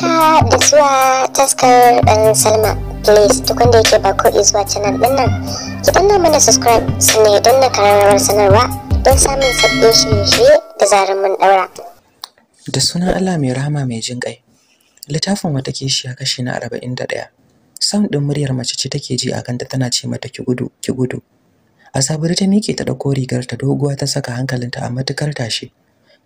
haka da zuwa taskar dan salma please duk wanda yake ba ko zuwa canal din nan ki danna mana subscribe sannan ya danna karamar sanarwa don samun sabbin shirye-shirye da zarar mun daura da sunan allah mai rahama mai jin kai littafin wata ke shi kishiya kashi na arba'in da ɗaya sam ɗin muryar mace ce take ji a kanta tana ce mata ki gudu ki gudu a sabuwar ta miƙe ta ɗauko rigar ta doguwa ta saka hankalinta a matukar tashi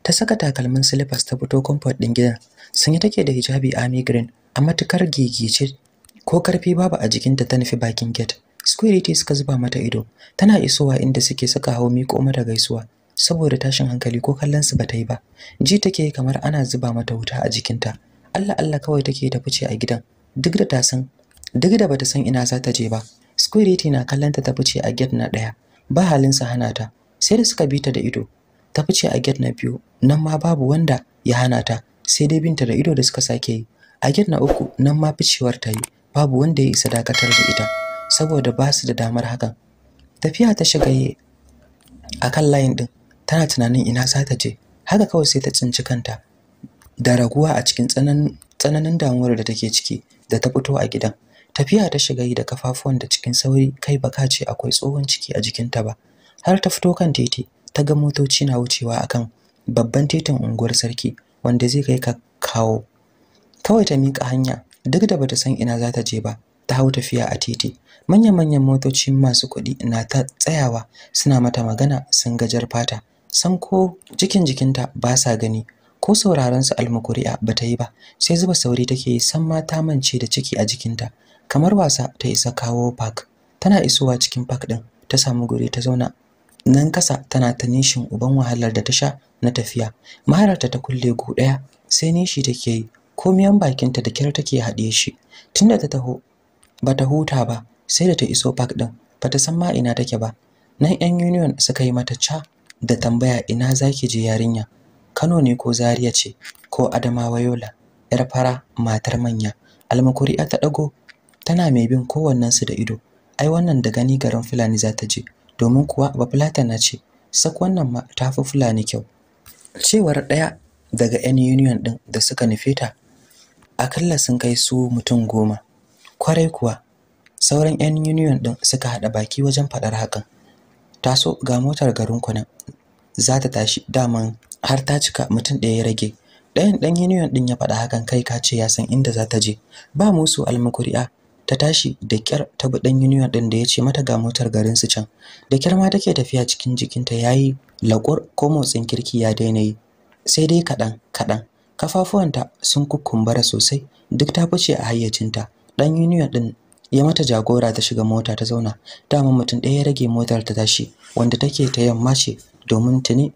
ta saka takalmin silifas ta fito comfort ɗin gidan sanye take da hijabi a green a matukar gigice ko karfi babu a jikinta ta nufi bakin gate security suka zuba mata ido tana isowa inda suke saka hawo miƙo mata gaisuwa saboda tashin hankali ko kallon su bata yi ba ji take kamar ana zuba mata wuta a jikinta Allah Allah kawai take ta fice a gidan duk da ta san duk da bata san ina za ta je ba security na kallon ta fice a gate na daya ba halin sa hana ta sai da suka bi ta da ido ta fice a gate na biyu nan ma babu wanda ya hana ta sai dai binta da ido da suka sake yi a na uku nan ma ficewar ta yi babu wanda ya isa dakatar da ita saboda ba su da damar hakan tafiya ta shiga a kan layin din tana tunanin ina za ta je haka kawai sai ta tsinci kanta da raguwa a cikin tsananin damuwar da take ciki da ta fito a gidan tafiya ta shiga yi da kafafuwan da cikin sauri kai baka ce akwai tsohon ciki a jikinta ba har ta fito kan titi ta ga motoci na wucewa akan babban titin unguwar sarki wanda zai kai ka kawo kawai ta miƙa hanya duk da bata san ina za ta je ba ta hau tafiya a titi manyan-manyan motoci masu kuɗi na ta tsayawa suna mata magana sun gajar fata san ko jikin jikinta ba sa gani ko sauraron su almukuri'a bata yi ba sai zuba sauri take san ma ta mance da ciki a jikinta kamar wasa ta isa kawo park tana isowa cikin park din ta samu guri ta zauna nan kasa tana ta nishin uban wahalar da ta sha na tafiya maharata ta kulle gu daya sai nishi take yi komiyan bakinta da kyar take haɗe shi tunda ta taho ta huta ba sai da ta iso park din ta san ma ina take ba nan yan union suka yi mata ca da tambaya ina zaki je yarinya Kano ne ko Zaria ce ko Adamawa Yola yar fara matar manya almakuri ta dago tana mai bin kowannen su da ido ai wannan da gani garin Fulani za ta je domin kuwa ba Fulata na ce sak wannan ma ta fi Fulani kyau cewar ɗaya daga 'yan union ɗin da suka nufe ta akalla sun kai su mutum goma kwarai kuwa sauran 'yan union ɗin suka haɗa baki wajen faɗar hakan taso ga motar garin kunan za ta tashi daman har ta cika mutum ɗaya ya rage ɗayan ɗan union ɗin ya faɗa hakan kai ka ce ya san inda za ta je ba musu almakuri'a ta tashi da kyar ta bi ɗan union ɗin da ya ce mata ga motar garin su can da kyar ma take tafiya cikin jikinta ya yi. laƙur ko motsin kirki ya daina yi sai dai kaɗan kaɗan kafafuwanta sun kukkumbara sosai duk ta fice a hayyacinta ɗan union ɗin ya mata jagora ta shiga mota ta zauna dama mutum ɗaya ya rage motar ta tashi wanda take ta yamma ce domin tuni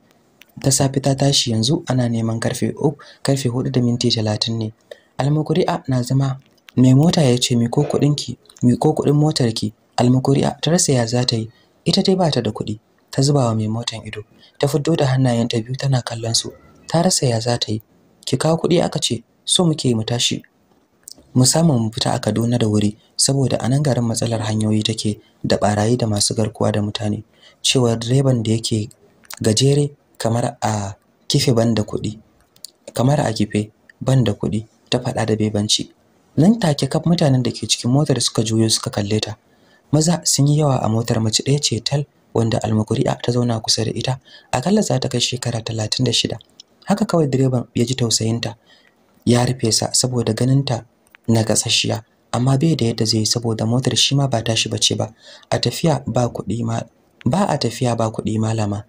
ta safi ta tashi yanzu ana neman karfe uku karfe hudu da minti talatin ne Almakuri'a na zama mai mota ya ce miko kuɗinki miko kuɗin motarki Almakuri'a ta rasa ya za ta yi ita dai ba ta da kuɗi ta zuba wa mai motan ido ta fito da hannayenta biyu tana kallon su ta rasa ya za ta yi ki kawo kuɗi aka ce so muke mu tashi mu samu mu fita a Kaduna da wuri saboda anan garin matsalar hanyoyi take da barayi da masu garkuwa da mutane cewar direban da yake gajere kamar a kife banda kuɗi kamar a kife banda kuɗi ta faɗa da bebanci nan take kaf mutanen da ke cikin motar suka juyo suka kalle ta maza sun yi yawa a motar mace ɗaya ce tal wanda almakuri'a ta zauna kusa da ita akalla za ta kai shekara 36 haka kawai direban ya ji tausayinta ya rufe sa saboda ganinta na gasasshiya amma bai da yadda zai saboda motar shi ma ba tashi bace ba a tafiya ba kuɗi ma ba a tafiya ba kuɗi malama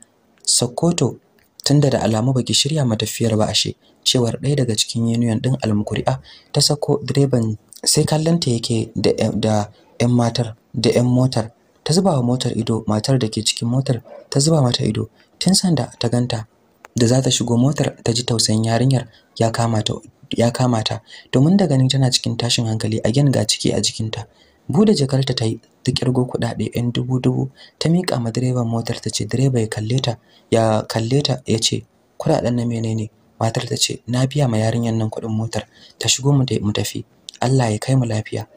Sokoto tunda da alamu baki shirya matafiyar ba ashe cewar ɗaya daga cikin union ɗin almukuri'a ta sako direban sai kallanta yake da da matar da yan motar ta zuba wa motar ido matar da ke cikin motar ta zuba mata ido tun sanda ta ganta da za ta shigo motar ta ji tausayin yarinyar ya kama ta ya kama ta domin da ganin tana cikin tashin hankali a ga ciki a jikinta bude jakarta ta yi ta kirgo kuɗaɗe yan dubu dubu ta miƙa ma direban motar ta ce direba ya kalle ta ya kalle ta ya ce kuɗaɗen na menene matar ta ce na biya ma yarinyar nan kuɗin motar ta shigo mu tafi Allah ya kai mu lafiya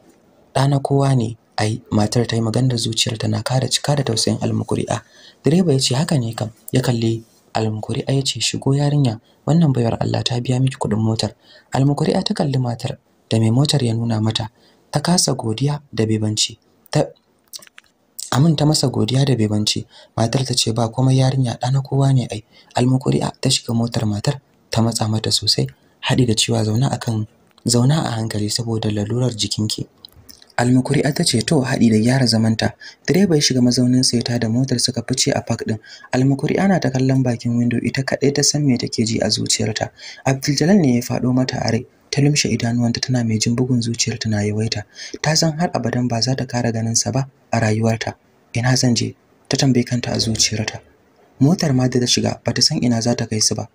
ɗana kowa ne ai matar ta yi maganar zuciyar tana kara cika da tausayin almukuri'a direba ya ce haka ne kam ya kalli almukuri'a ya ce shigo yarinya wannan bayar Allah ta biya miki kuɗin motar almukuri'a ta kalli matar da mai motar ya nuna mata ta kasa godiya da bebanci ta Amin masa godiya da bebanci matar ta ce ba komai yarinya ɗana kowa ne ai almukuri'a ta shiga motar matar ta matsa mata sosai haɗi da cewa zauna akan zauna a hankali saboda lalurar jikinki Almukuri ta ce to haɗi da gyara zamanta direba ya shiga mazaunin sa ya da motar suka fice a park din Almukuri na ta kallon bakin window ita kaɗai ta san me take ji a zuciyarta abdul ne ya faɗo mata a rai ta lumshe idanuwanta tana mai jin bugun zuciyarta na yawaita ta san har abadan ba za ta kara ganin sa ba a rayuwarta ina zan je ta tambaye kanta a zuciyarta motar ma da ta shiga bata san ina za ta kai su ba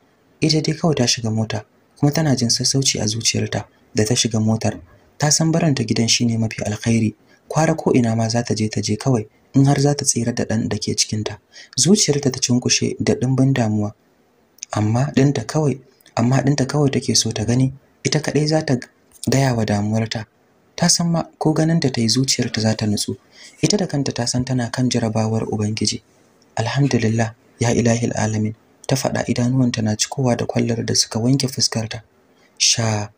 ita dai kawai ta shiga mota kuma tana jin sassauci a zuciyarta da ta shiga motar ta san baranta gidan shine mafi alkhairi kwara ko ina ma za ta je ta je kawai in har za ta tsira da ɗan da ke cikinta zuciyarta ta cinkushe da ɗimbin damuwa amma ɗinta kawai amma ɗinta kawai take so ta gani ita kadai za ta gaya wa damuwarta ta san ma ko ganinta ta yi zuciyarta za ta nutsu ita da kanta ta san tana kan jarabawar ubangiji alhamdulillah ya ilahil alamin ta faɗa idanuwanta na cikowa da kwallar da suka wanke fuskarta sha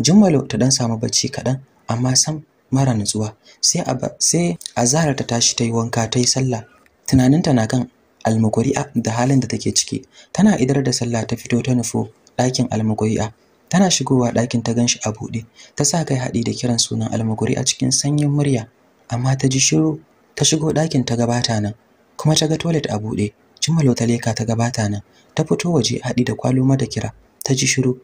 Jummalo ta dan samu bacci kaɗan amma san mara nutsuwa sai a sai Azahar ta tashi ta yi wanka ta yi sallah tunaninta na kan almukuri'a da halin da take ciki tana idar da sallah ta fito ta nufo ɗakin almukuri'a tana shigowa ɗakin ta ganshi a buɗe ta sa kai haɗi da kiran sunan almukuri'a cikin sanyin murya amma ta ji shiru ta shigo ɗakin ta gabata nan kuma ta ga toilet a buɗe Jummalo ta leka ta gabata nan ta fito waje haɗi da kwaluma da kira ta ji shiru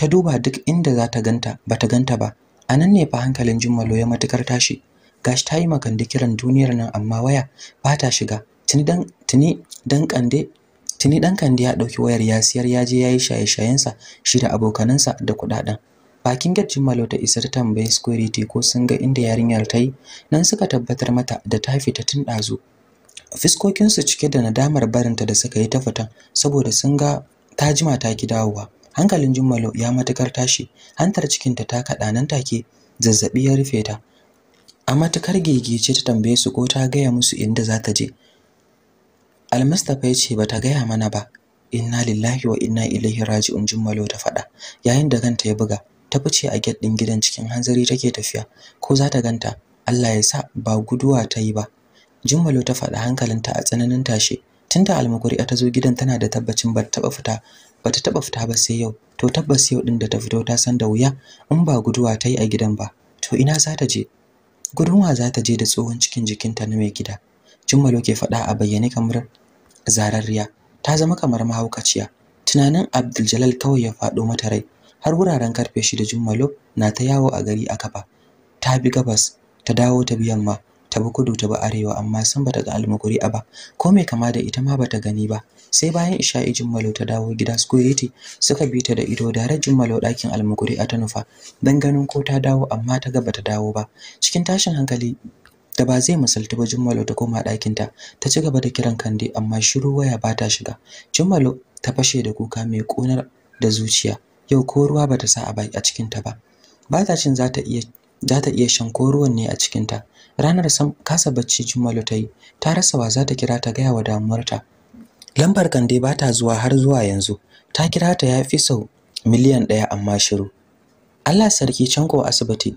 ta duba duk inda za ta ganta ba ta ganta ba a nan ne fa hankalin jummalo ya matukar tashi gashi ta yi makande kiran duniyar nan amma waya ba ta shiga tuni dan tuni dan kande tuni dan kande ya dauki wayar ya siyar ya je yayi shaye-shayensa shi da abokanansa da kudaden bakin gate jummalo ta isa ta tambaye security ko sun ga inda yarinyar ta yi nan suka tabbatar mata da ta fita tun dazu fiskokinsu cike da nadamar barinta da suka yi ta fita saboda sun ga ta jima ta ki dawowa hankalin jummalo ya matukar tashi hantar cikinta ta kaɗa nan take zazzaɓi ya rufe ta a matukar gegece ta tambaye su ko ta gaya musu inda za ta je almustapha ya ce ba ta gaya mana ba inna lillahi wa inna ilaihi raji'un jummalo ta faɗa yayin da ganta ya buga ta fice a gate ɗin gidan cikin hanzari take tafiya ko za ta ganta Allah ya sa ba guduwa ta yi ba jummalo ta faɗa hankalinta a tsananin tashi. tunda almukuri'a ta zo gidan tana da tabbacin ba ta taɓa fita bata taba fita ba sai yau to tabbas yau din da ta fito ta san da wuya in ba guduwa ta a gidan ba to ina za ta je gudunwa za ta je da tsohon cikin jikinta na mai gida jummalo ke faɗa a bayyane kamar zararriya ta zama kamar mahaukaciya tunanin abdul kawai ya faɗo mata rai har wuraren karfe shida jummalo na ta yawo a gari a kafa ta bi gabas ta dawo ta biyan ma. ta bi kudu ta bi arewa amma san bata ga almuguri a ba ko mai kama da ita ma bata gani ba sai bayan isha'i jummalo ta dawo gida su security suka bi ta da ido da har jummalo ɗakin almuguri a tanufa nufa don ganin ko ta dawo amma ta ga bata dawo ba cikin tashin hankali da ba zai misaltu ba jummalo ta koma ɗakinta ta ci gaba da kiran kande amma shiru waya ba ta shiga jummalo ta fashe da kuka mai ƙonar da zuciya yau ko ruwa bata sa a baki a cikinta ba ba ta cin za ta iya za ta iya shan ko ruwan ne a cikin ta. ranar kasa bacci jummalo ta yi ta rasa wa za ta kira ta gaya wa damuwarta lambar kande ba ta zuwa har zuwa yanzu ta kira ta ya fi sau miliyan ɗaya amma shiru allah sarki can ko asibiti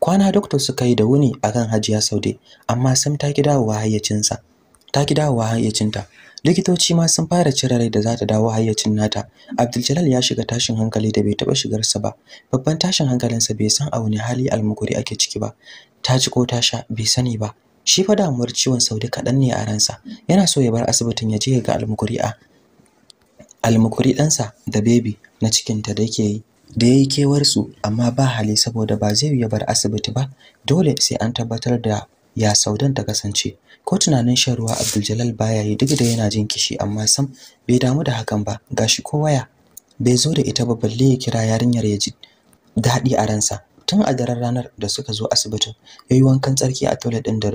kwana doktor suka yi da wuni a kan hajiya saude amma sam ta ki dawowa hayyacinsa ta ki dawowa hayyacinta likitoci ma sun fara cire rai da za ta dawo hayyacin nata abdul ya shiga tashin hankali da bai taba shigarsa ba babban tashin hankalinsa bai san a wani hali almukuri ake ciki ba ta ci ko ta sha bai sani ba shi fa damuwar ciwon saudi kaɗan ne a ransa yana so ya bar asibitin ya je ga almukuri'a almukuri ɗansa da bebi na cikinta da yake yi da ya yi kewarsu amma ba hali saboda ba zai ya bar asibiti ba dole sai an tabbatar da ya saudan ta kasance ko tunanin shan ruwa abdul baya yi duk da yana jin kishi amma sam bai damu da hakan ba gashi ko waya bai zo da ita ba balle ya kira yarinyar ya ji daɗi a ransa tun a daren ranar da suka zo asibitin ya yi wankan tsarki a toilet ɗin da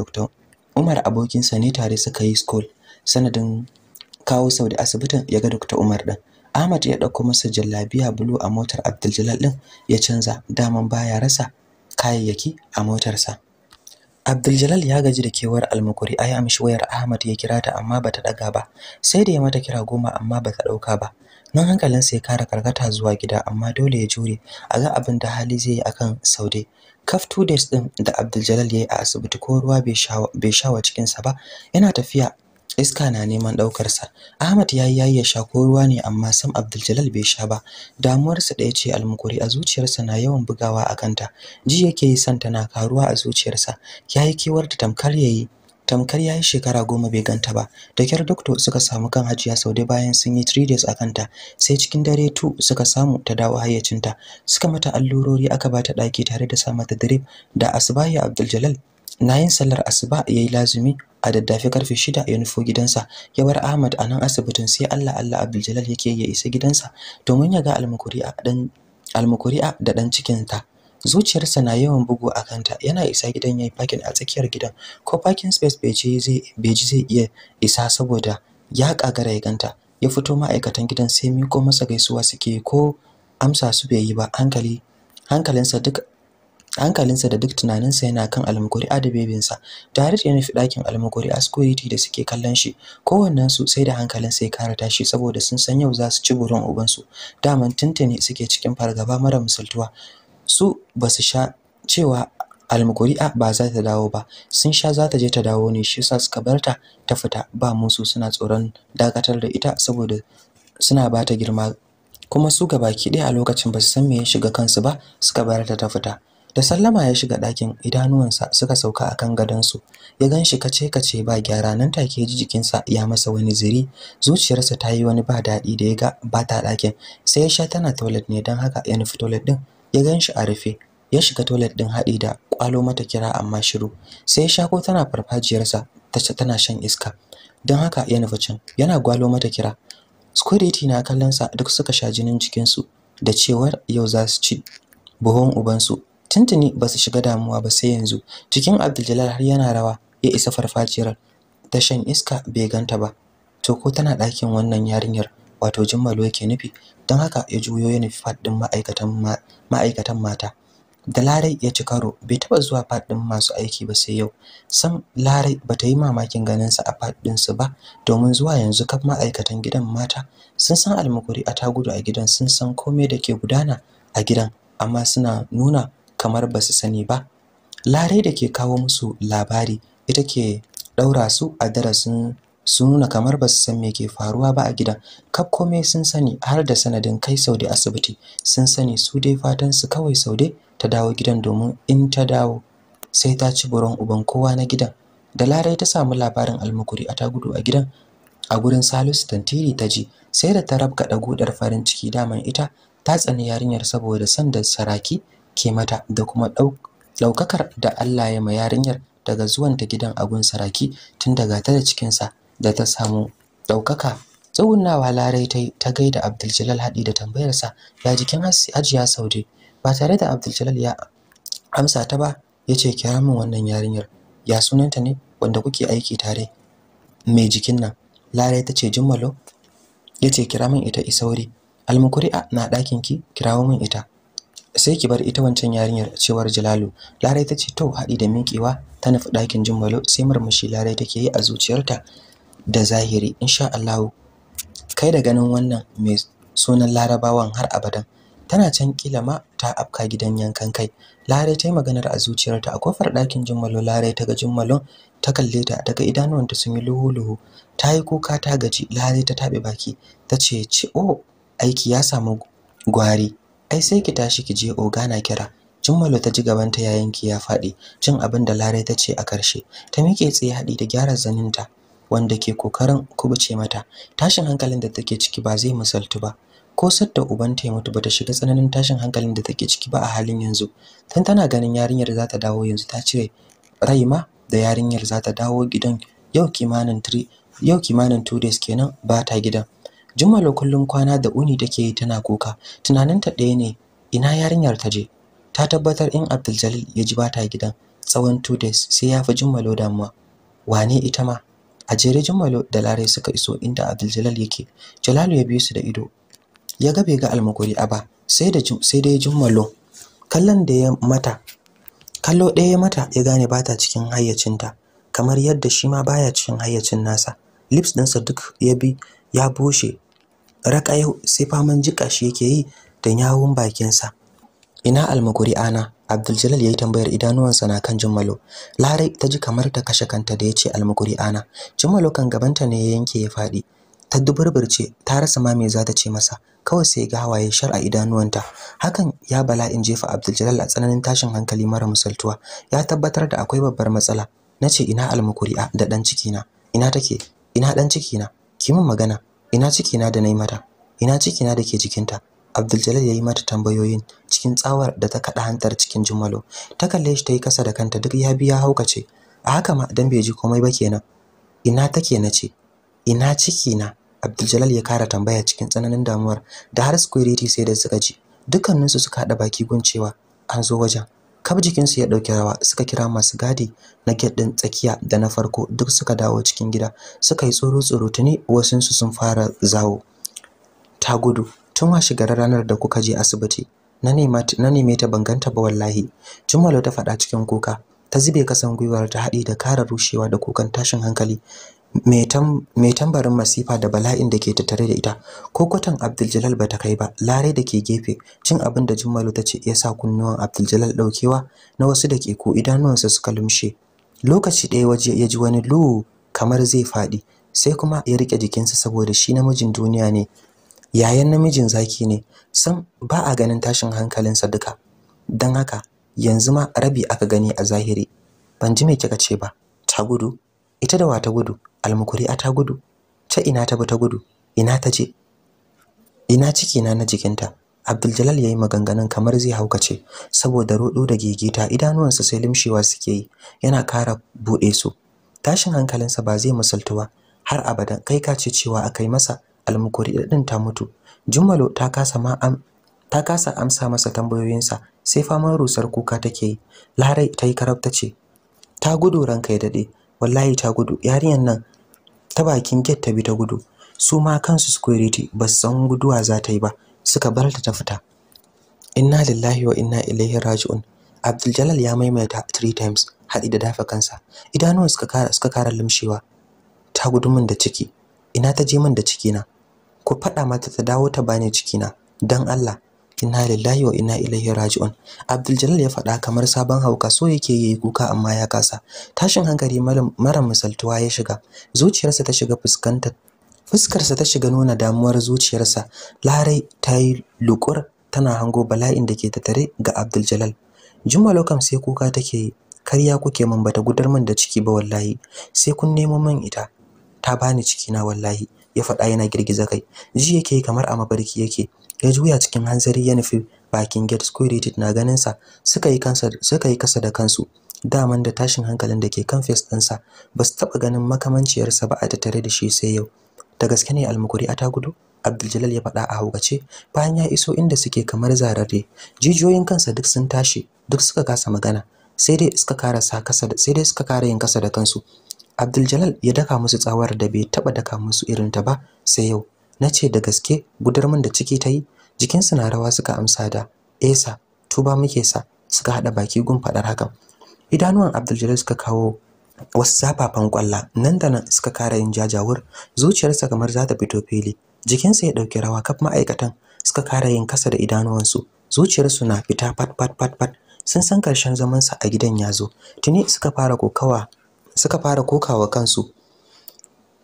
umar abokinsa ne tare suka yi school sanadin kawo sau da asibitin ya ga doktor umar ɗin ahmad ya ɗauko masa jallabiya bulu a motar abdul ɗin ya canza daman baya rasa kayayyaki a motarsa Abdul ya gaji da kewar almukuri ayi amshi wayar Ahmad ya kira ta amma bata daga ba sai da ya mata kira goma amma bata dauka ba nan hankalin sai kara karkata zuwa gida amma dole ya jure a ga abin da hali zai yi akan Saude kaf two days din da Abdul ya yi a asibiti ko ruwa bai sha cikin sa ba yana tafiya iska na neman ɗaukarsa ahmad yayi yi ya sha ko ruwa ne amma sam abdul bai sha ba damuwarsa ɗaya ce almukuri a zuciyarsa na yawan bugawa a kanta ji yake yi ta na karuwa a zuciyarsa ya yayi kiwar da tamkar ya tamkar yayi shekara goma bai ganta ba da kyar doctor suka samu kan hajiya saude bayan sun yi 3 days a kanta sai cikin dare tu suka samu ta dawo hayyacin ta suka mata allurori aka bata ɗaki tare da sa mata drip da asbahi abdul na yin sallar asuba ya yi lazumi a daddafe karfe shida ya nufo gidansa ya bar Ahmad a nan asibitin sai Allah Allah Abdul yake ya isa gidansa domin ya ga almukuri'a da dan ta zuciyarsa na yawan bugu a kanta yana isa gidan yayi parking a tsakiyar gidan ko parking space bai ji zai iya isa saboda ya kagara ya ganta ya fito ma'aikatan gidan sai miko masa gaisuwa suke ko amsa su bai yi ba hankalinsa duk hankalinsa da duk tunaninsa yana kan almukuri'a da bebinsa tare da nufi ɗakin a security da suke kallon shi kowannensu sai da hankalinsa ya kara tashi saboda sun san yau za su ci burin ubansu daman tuntuni suke cikin fargaba mara misaltuwa su ba su sha cewa a ba za ta dawo ba sun sha za ta je ta dawo ne shi yasa suka barta ta fita ba musu suna tsoron dakatar da ita saboda suna ba ta girma kuma su gabaki ɗaya a lokacin ba su san me ya shiga kansu ba suka bar ta ta fita da sallama ya shiga ɗakin idanuwansa suka sauka a akan su ya gan shi kace kace ba gyara nan take ji jikinsa ya masa wani ziri zuciyarsa ta yi wani ba daɗi da ya ga ba ta ɗakin sai ya sha tana toilet ne don haka ya nufi toilet ɗin ya gan shi a rufe ya shiga toilet ɗin haɗi da kwalo mata kira amma shiru sai ya sha ko tana farfajiyarsa tana shan iska don haka ya nufi can yana gwalo mata kira security na kallon sa duk suka sha jinin jikinsu da cewar yau za su ci buhun ubansu tuntuni ba su shiga damuwa ba sai yanzu cikin abdul har yana rawa ya isa farfajiyar ta shan iska bai ganta ba to ko tana ɗakin wannan yarinyar wato jimmalo yake nufi don haka ya juyo ya nufi faɗin ma'aikatan mata da larai ya ci karo bai taɓa zuwa faɗin masu aiki ba sai yau sam larai ba ta yi mamakin ganinsa a faɗinsu ba domin zuwa yanzu kaf ma'aikatan gidan mata sun san almukuri a tagudu a gidan sun san komai da ke gudana a gidan amma suna nuna kamar ba su sani ba larai da ke kawo musu labari ita ke ɗaura su a darasin su nuna kamar ba su san me ke faruwa ba a gidan kaf komai sun sani har da sanadin kai saude asibiti sun sani su dai fatan su kawai saude ta dawo gidan domin in ta dawo sai ta ci buron uban kowa na gidan da larai ta samu labarin almukuri a ta gudu a gidan a gurin salisu tantiri ta ji sai da ta rabka gudar farin ciki daman ita ta tsani yarinyar saboda da saraki ke mata da kuma ɗaukakar da Allah ya ma yarinyar daga zuwanta gidan abun saraki tun daga ta da cikinsa da ta samu ɗaukaka tsugunawa larai ta ta gaida abdul haɗi da tambayarsa ya jikin ajiya saude ba tare da abdul ya amsa ta ba ya ce kira min wannan yarinyar ya sunanta ne wanda kuke aiki tare mai jikin nan larai ta ce jummalo ya ce kira min ita isauri almukuri'a na ɗakin ki kirawo min ita sai ki bar ita wancan yarinyar cewar Jalalu Larai ta ce to haɗi da miƙewa ta nufi ɗakin Jummalo sai murmushi Larai take yi a zuciyarta da zahiri insha Allah kai da ganin wannan mai sunan Larabawan har abadan tana can kila ma ta afka gidan yankan kai Larai ta yi maganar a zuciyarta a kofar ɗakin Jummalo Larai ta ga Jummalon ta kalle ta daga idanuwanta sun yi luhu-luhu ta yi kuka ta gaji Larai ta tabe baki ta ce ci oh, aiki ya samu gwari ai sai ki tashi ki je Ogana kira Jummalo ta ji gabanta ya ki ya faɗi cin abin da Larai ta ce a karshe ta miƙe tsaye haɗi da gyara ta. wanda ke kokarin kubuce mata tashin hankalin da take ciki ba zai misaltu ba ko sadda ubanta ya mutu bata shiga tsananin tashin hankalin da take ciki ba a halin yanzu Tun tana ganin yarinyar za ta dawo yanzu ta cire rai da yarinyar za ta dawo gidan yau kimanin 3 yau kimanin 2 days kenan ba ta gidan Jummalo kullum kwana da uni take yi tana kuka. Tunaninta ɗaya ne, ina yarinyar ta je? Ta tabbatar in Abdul ya ji bata gidan tsawon two days sai ya fi Jummalo damuwa. Wane ita ma? A jere Jummalo da Lare suka iso inda Abdul yake. Jalalu ya biyo su da ido. Ya ga bai ga almakuri a ba, sai da sai dai Jummalo. Kallon da ya mata kallo ɗaya mata ya gane bata cikin hayyacinta kamar yadda shi ma baya cikin hayyacin nasa lips ɗinsa duk ya bi ya bushe raƙayau sai faman jika shi yake yi da yawun bakinsa ina almaguri ana Abdul ya yi tambayar idanuwansa na kan Jummalo. Larai ta ji kamar ta kashe kanta da ya ce almuguri ana. Jummalo kan gabanta ne ya yanke ya faɗi. Ta duburburce ta rasa ma me za ta ce masa. Kawai sai ga hawaye shar a idanuwanta. Hakan ya bala in jefa Abdul a tsananin tashin hankali mara musaltuwa. Ya tabbatar da akwai babbar matsala. Na ce ina almukuri'a da ɗan cikina. Ina take? Ina ɗan cikina? Ki min magana. ina cikina da na yi mata ina cikina da ke jikinta Abdul ya yi mata tambayoyin cikin tsawar da ta kaɗa hantar cikin jumalo ta kalle shi ta yi kasa da kanta duk ya biya haukace a haka ma dan bai ji komai ba kenan ina take na ce ina cikina Abdul ya kara tambaya cikin tsananin damuwar da har security sai da suka ji dukkaninsu suka haɗa baki guncewa an zo wajen kaf jikinsu ya ɗauki rawa suka kira masu gadi na gate ɗin tsakiya da na farko duk suka dawo cikin gida suka yi tsoro tsoro tuni su sun fara zawo ta gudu tun wa shigar ranar da kuka je asibiti na neme ta banganta ba wallahi jumalo ta faɗa cikin kuka ta zube kasan gwiwar ta haɗi da kara rushewa da kukan tashin hankali mai tambarin masifa da bala'in da ke tattare da ita ko kwatan Abdul ba ta kai ba larai da ke gefe cin abin da Jummalu ta ce ya sa kunnuwan Abdul daukewa na wasu da ke ko idanuwansa suka lumshe lokaci ɗaya waje ya ji wani lu kamar zai faɗi sai kuma ya rike jikinsa saboda shi namijin duniya ne yayan namijin zaki ne sam ba a ganin tashin hankalinsa duka don haka yanzu ma rabi aka gani a zahiri ban ji me kika ce ba ta gudu ita da wa ta gudu almukuri'a ta gudu ta ina ta bi ta gudu ina ta je ina ciki na na jikinta ya yi maganganun kamar zai haukace saboda rodo da gigita, idanuwansa sai limshewa suke yi yana kara buɗe su tashin hankalinsa ba zai ba. har abadan kai ka ce cewa akai masa almukuri din ta mutu Jummalo ta kasa ma am ta kasa amsa masa tambayoyinsa sai faman rusar kuka take yi Larai ta yi karabta ce ta gudu ranka ya dade wallahi ta gudu yarinyar nan ta bakin gate ta bi ta gudu su ma kansu security ba su san guduwa za ta yi ba suka bar ta ta fita inna lillahi wa inna ilaihi raji'un abdul ya maimaita three times haɗi da dafa kansa idanuwa suka kara suka kara limshewa ta gudu min da ciki ina ta je min da ciki na ku faɗa mata ta dawo ta bani ciki na dan Allah inna lillahi wa inna ilaihi raji'un Abdul ya faɗa kamar sabon hauka so yake yayi kuka amma ya kasa tashin hankali mara misaltuwa ya shiga zuciyarsa ta shiga fuskantar fuskarsa ta shiga nuna damuwar zuciyarsa larai ta yi lukur tana hango bala'in da ke tattare ga Abdul Jalal Juma lokam sai kuka take yi karya kuke min bata gudar min da ciki ba wallahi sai kun nemo min ita ta bani ciki na wallahi ya faɗa yana girgiza kai ji yake kamar a mabarki yake ya juya cikin hanzari ya nufi bakin gate dit na ganin sa suka yi kansa suka yi kasa da kansu daman da tashin hankalin da ke kan face sa ba su taɓa ganin makamanciyarsa ba a tattare da shi sai yau da gaske ne almukuri a ta gudu abdul ya faɗa a haukace bayan ya iso inda suke kamar zararre jijiyoyin kansa duk sun tashi duk suka kasa magana sai dai suka kara sa kasa sai dai suka kara yin kasa da kansu abdul ya daka musu tsawar da bai taɓa daka musu irin ta ba sai yau na ce da gaske gudar min da ciki ta yi jikinsu na rawa suka amsa da esa eh tuba muke sa suka haɗa baki gun faɗar hakan idanuwan abdul suka kawo wasu zafafan kwalla nan da nan suka kara yin jajawur zuciyarsa kamar za ta fito fili jikinsa ya ɗauki rawa kaf ma'aikatan suka kara yin kasa da idanuwansu zuciyarsu na fita fat fat fat fat sun san karshen zamansa a gidan yazo. zo tuni suka fara kokawa suka fara kokawa kansu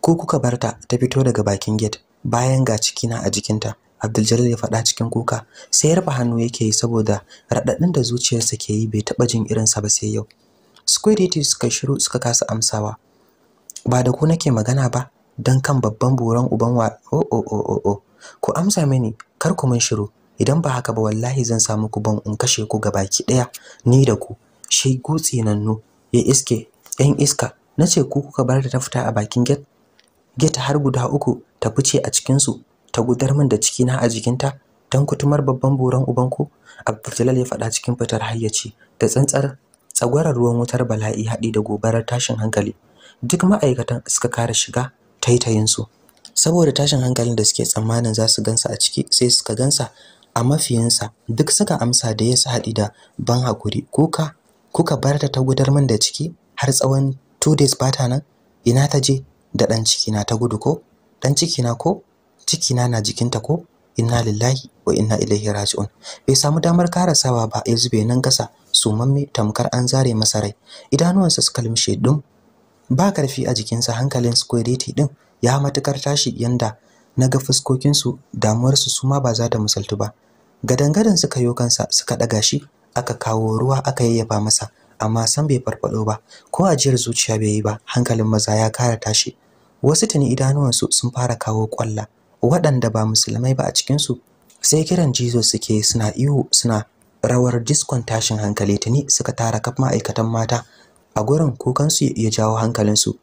ko kuka barta ta fito daga bakin gate bayan ga cikina a jikinta Abdul ya faɗa cikin kuka sai ya rufe hannu yake yi saboda raɗaɗin da zuciyarsa ke yi bai taɓa jin irinsa ba sai yau security suka shiru suka kasa amsawa ba da ku nake magana ba don kan babban buran uban wa o o o o o ku amsa mini kar ku mun shiru idan ba haka ba wallahi zan samu ku ban in kashe ku ki ɗaya ni da ku shi gutsi nan no ya iske yan iska nace ku kuka bar da ta fita a bakin gate gate har guda uku ta fice a cikinsu ta gudar min da na a jikinta dan kutumar babban boran ubanku abdul ya faɗa cikin fitar hayyaci da tsantsar tsagwarar ruwan wutar bala'i haɗi da gobarar tashin hankali duk ma'aikatan suka kare shiga su. saboda tashin hankalin da suke tsammanin za su gansa a ciki sai suka gansa a mafiyinsa duk suka amsa da yasa hadi da ban hakuri kuka kuka bar ta ta gudar min da ciki har tsawon two days bata nan ina ta je da ɗan ciki na ta gudu ko dan cikina ko cikina na jikinta ko inna lillahi wa inna ilaihi raji'un bai samu damar karasawa ba ya zube nan kasa sumamme tamkar an zare masa rai idanuwansa suka lumshe dum ba karfi a jikinsa hankalin security din ya matukar tashi yanda naga fuskokin su damuwar su suma ba za ta musaltu ba gadangadan suka yo kansa suka daga shi aka kawo ruwa aka yayyafa masa amma san bai farfado ba ko ajiyar zuciya bai yi ba hankalin maza ya kara tashi wasu tuni idanuwansu sun fara kawo kwalla waɗanda ba musulmai ba a cikinsu sai kiran jesus suke suna ihu suna rawar diskon tashin hankali tuni suka tara kaf ma'aikatan mata a gurin kukansu ya jawo hankalinsu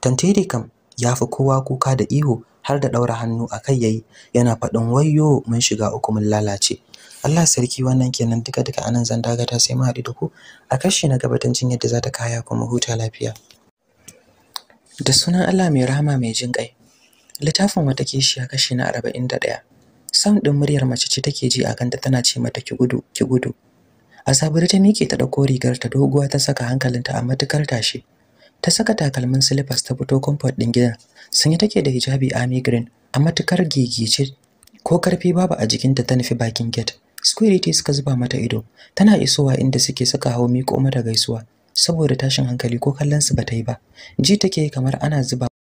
tantiri kam ya fi kowa kuka da ihu har da ɗaura hannu a kai yayi yana faɗin wayo mun shiga uku mun lalace Allah sarki wannan kenan duka duka anan zan dagata sai mu haɗu da ku a kashi na gabatancin yadda za ta kaya kuma huta lafiya da sunan Allah mai rahama mai jin ƙai littafin wata kishiya kashi na arba'in da ɗaya sam ɗin muryar mace ce take ji a kanta tana ce mata ki gudu ki gudu a sabuwar ta miƙe ta ɗauko rigar ta doguwa ta saka hankalinta a matukar tashi ta saka takalmin silifas ta fito comfort ɗin gidan sanye take da hijabi army green a matukar gigice ko karfi babu a jikinta ta nufi bakin gate security suka zuba mata ido tana isowa inda suke saka hau miƙo mata gaisuwa saboda tashin hankali ko kallon su ta yi ba ji take kamar ana zuba